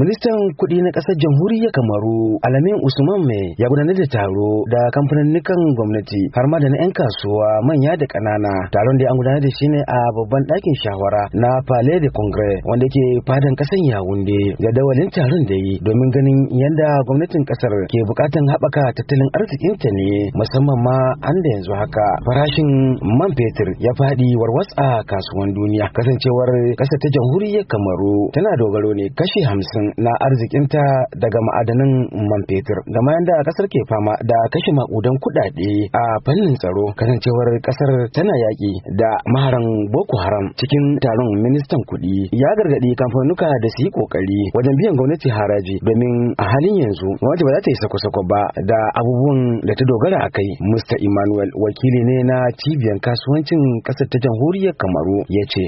Ministan kuɗi na ƙasar jamhuriyar Kamaru Alamin Usman Mai ya gudanar da taro da kamfaninnikan gwamnati har ma da na 'yan kasuwa manya da ƙanana. Taron da an gudanar da shi ne a babban ɗakin shawara na Palais de Congrès wanda ke fadan ƙasar Yawunde jadawalin taron da yi domin ganin yadda gwamnatin ƙasar ke buƙatan haɓaka tattalin arzikinta ne musamman ma an da yanzu haka farashin man fetur ya faɗi warwas a kasuwan duniya kasancewar ƙasar ta jamhuriyar Kamaru tana dogaro ne kashi hamsin na arzikinta daga ma'adanin man fetur game yadda kasar ke fama da kashe makudan kudade a fannin tsaro kasancewar kasar tana yaki da maharan boko haram cikin taron ministan kuɗi ya gargaɗi kamfanuka da su yi ƙoƙari wajen biyan gwamnati haraji domin a halin yanzu gwamnati ba za ta yi sako-sako ba da abubuwan da ta dogara a kai mr emmanuel wakili ne na cibiyar kasuwancin ƙasar ta jamhuriyar kamaru ya ce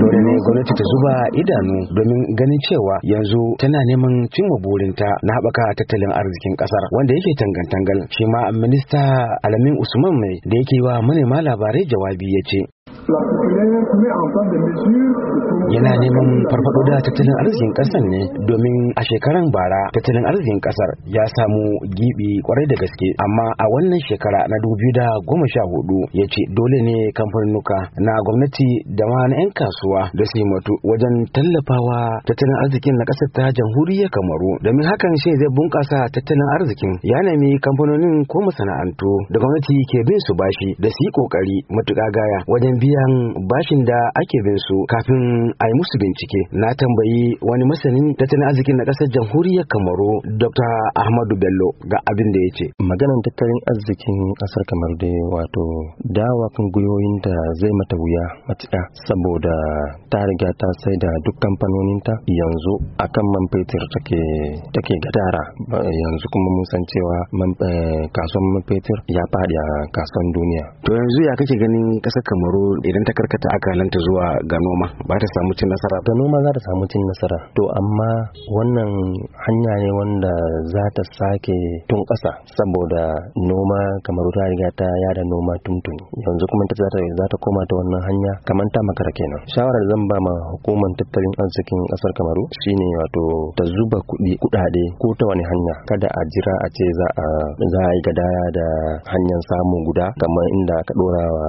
dole ne gwamnati ta zuba idanu domin ganin ganin cewa yanzu tana neman cimma burinta na haɓaka tattalin arzikin ƙasar wanda yake tangantangal shi ma minista alamin usman mai da yake wa manema labarai jawabi ya ce yana neman farfaɗo da tattalin arzikin kasar ne domin a shekaran bara tattalin arzikin ƙasar ya samu gibi kwarai da gaske amma a wannan shekara na 2014 goma sha hudu ya ce dole ne kamfanuka na gwamnati da ma na 'yan kasuwa da su matu wajen tallafawa tattalin arzikin na kasar ta jamhuriyar kamaru domin hakan shi zai bunƙasa tattalin arzikin ya nemi kamfanonin ko masana'antu da gwamnati ke bin su bashi da su yi kokari matuƙa gaya wajen biya biyan bashin da ake bin su kafin a yi musu bincike na tambayi wani masanin tattalin arzikin na ƙasar jamhuriyar kamaru dr ahmadu bello ga abin da ya ce maganan tattalin arzikin ƙasar kamar da wato dawa kan gwiwoyin da zai mata wuya matuƙa saboda ta riga ta sai da duk kamfanoninta yanzu akan man fetur take take gadara yanzu kuma mun san cewa eh, kasuwan man fetur ya faɗi a kasuwan duniya to yanzu ya kake ganin ƙasar kamaru idan ta karkata akalanta zuwa ga noma ba ta samu cin nasara ga noma za ta samu cin nasara to amma wannan hanya ne wanda za ta sake tun ƙasa saboda noma kamar ta riga ta yada noma tuntun yanzu kuma ta za ta koma ta wannan hanya kamar ta makara kenan shawarar zan ba ma hukumar tattalin arzikin ƙasar kamaru shine wato ta zuba kuɗi kuɗaɗe ko ta wani hanya kada a jira a ce za a za a yi gadaya da hanyar samu guda kamar inda aka ɗora wa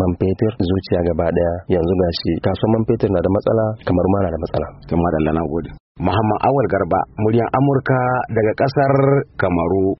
man fetur zuciya gaba daya yanzu gashi kasuwar man fetur na da matsala kamar ma na da matsala kamar da na gode Muhammad Awal Garba, muryan Amurka daga ƙasar Kamaru.